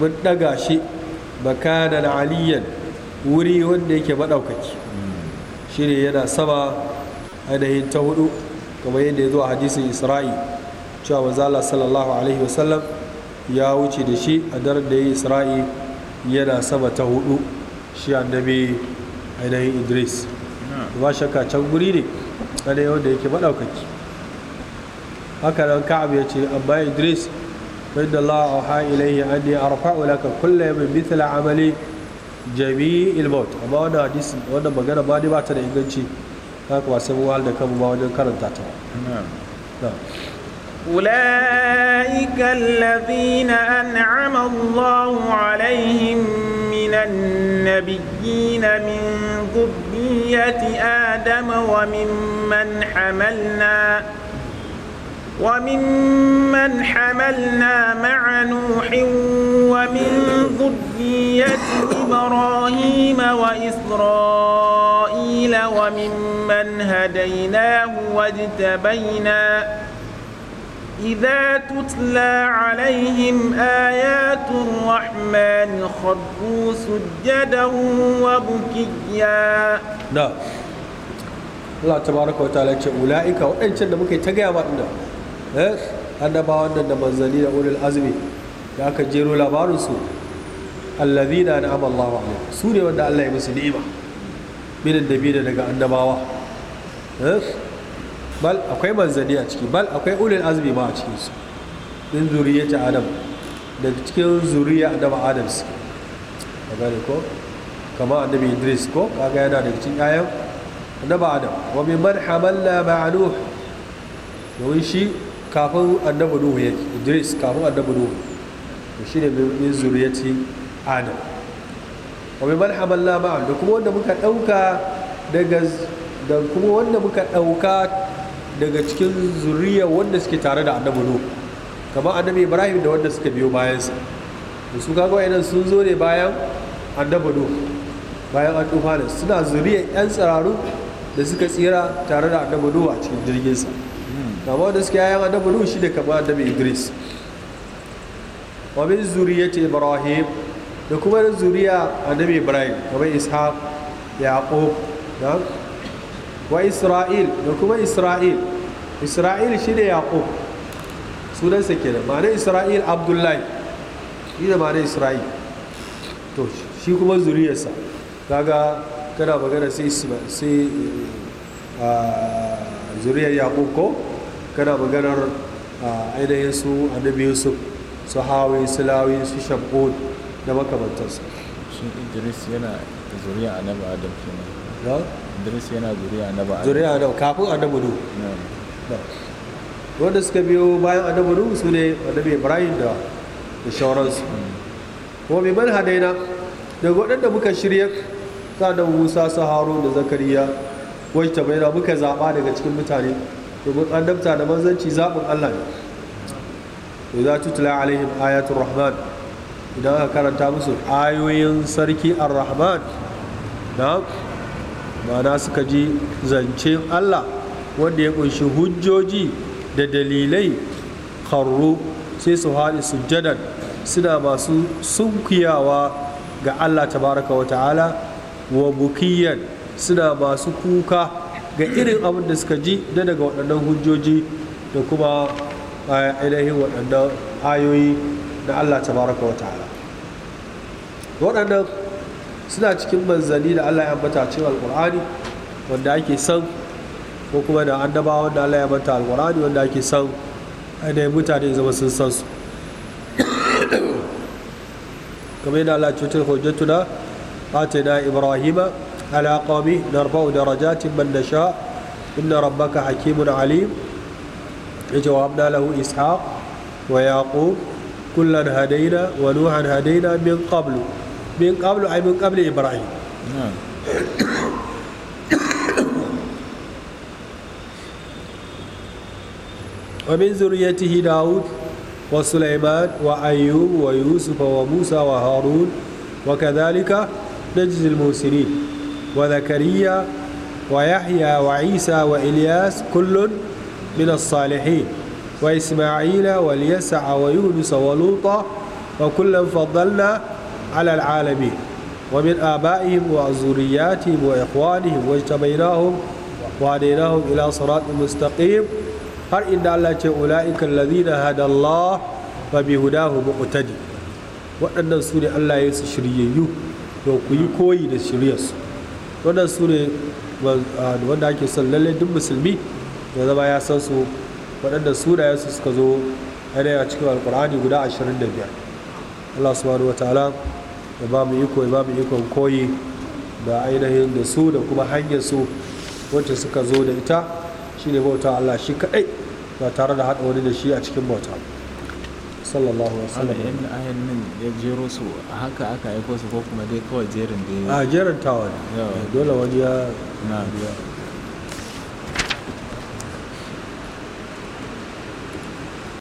mun ɗaga shi bakanan aliyan wuri wanda yake maɗaukaki shi ne yana sama ainihin ta hudu kamar yadda ya zo a hadisin isra'i cewa manzala sallallahu alaihi wasallam ya wuce da shi a daren da ya yi isra'i yana sama ta hudu shi annabi ainihin idris ba shakka can guri ne ainihin wanda yake maɗaukaki haka nan ka'ab ya ce amma idris ود الله أوحى إليه أني أرفع لك كل من مثل عملي جميع الموت أما أنا حديث وأنا مجانا ما أنا ما أتنا إنجنشي هكذا سموا على كم ما وجن كرن تاتوا نعم نعم أولئك الذين أنعم الله عليهم من النبيين من ذرية آدم وممن حملنا وممن مَنْ حملنا مع نوح ومن ذرية إبراهيم وإسرائيل وممن هديناه واجتبينا إذا تتلى عليهم آيات الرحمن خروا سجدا وبكيا نعم الله تبارك وتعالى ta'ala ce ula'ika waɗancan da muke annabawan nan da manzanni da ulul azumi da aka jero labarinsu allazina na amallahu alaihi su ne wanda Allah ya musu ni'ima minan da daga annabawa eh? bal akwai manzanni a ciki bal akwai ulul azumi ma a cikin su din zuriyati adam daga cikin zuriya annabi adam su ka gane ko kama annabi idris ko kaga yana da cikin ayan annabi adam wa min man hamalla ma'a nuh shi kafin annabi nuhu yake idris kafin annabi nuhu shi ne min zuriyati adam wa man hamalla ma'a da kuma wanda muka dauka daga da kuma wanda muka dauka daga cikin zuriya wanda suke tare da annabi nuhu kamar annabi ibrahim da wanda suka biyo bayansa da su kaga wayannan sun zo ne bayan annabi nuhu bayan an tufa suna zuriyar yan tsiraru da suka tsira tare da annabi nuhu a cikin jirgin sa. kama da suke yayan annabi nuhu shine kamar annabi idris wa min ce ibrahim da kuma da zuriya annabi ibrahim kamar ishaq yaqub da wa isra'il da kuma isra'il isra'il shi shine yaqub sunansa kenan ma'ana isra'il abdullahi shi da ma'anar isra'il to shi kuma zuriyarsa kaga kana magana sai eh, ah, zuriyar yaqub ko kana maganar ainihin su annabi yusuf su hawi su lawi su shabbo da makamantarsu shi idris yana zuriya annabi adam ya idris yana zuriya annabi adam zuriya adam kafin annabi nu wanda suka biyo bayan annabi nu su ne annabi ibrahim da da shauransu hmm. kuma mai manhadaina daga waɗanda muka shirya sa da musa su haro da zakariya wacce bai muka zaɓa daga cikin mutane domin annabta da manzanci zaɓin Allah ne to za tutula alaihim ayatul rahman idan aka karanta musu ayoyin sarki ar-rahman na ma'ana suka ji zancen Allah wanda ya kunshi hujjoji da dalilai kharru sai su haɗi sujjadan suna masu sunkuyawa ga Allah tabaraka wa ta'ala wa bukiyan suna masu kuka ga irin abin da suka ji da daga waɗannan hujjoji da kuma eh, ainihin waɗannan ayoyi Da Allah tabaraka wa ta'ala waɗannan suna cikin manzanni da Allah ya ambata cikin alƙur'ani wanda ake san ko kuma da annabawa wanda Allah ya ambata alƙur'ani wanda ake san ainihin mutane zama sun san su kamar yana Allah cutar hujjatuna na ibrahima على قومه نرفع درجات من نشاء إن ربك حكيم عليم وهبنا له إسحاق ويعقوب كلا هدينا ونوحا هدينا من قبل من قبل أي من قبل إبراهيم نعم ومن ذريته داود وسليمان وأيوب ويوسف وموسى وهارون وكذلك نجزي المحسنين وزكريا ويحيى وعيسى وإلياس كل من الصالحين وإسماعيل واليسع ويونس ولوطا وكلا فضلنا على العالمين ومن آبائهم وذرياتهم وإخوانهم واجتبيناهم وهديناهم إلى صراط مستقيم هل إن الله أولئك الذين هدى الله فبهداه مقتدي waɗannan su ne Allah ya su shiryayyu to ku yi koyi da shiryarsu Waɗansu su ne ah, wanda ake son lallai duk musulmi ya zama ya san su waɗanda sunayensu suka zo yanayi a cikin alkur'ani guda 25 allah subhanahu wa ta'ala ya ba mu iko ya ba mu ikon koyi da ainihin da su da kuma hanyar su wacce suka zo da ita shine bauta allah shi kaɗai ba tare da haɗa wani da shi a cikin bauta sallallahu alaihi wasallam ibn ayan nan ya jero su haka aka aiko su ko kuma dai kawai jerin da ya a jerin tawa dole wani ya na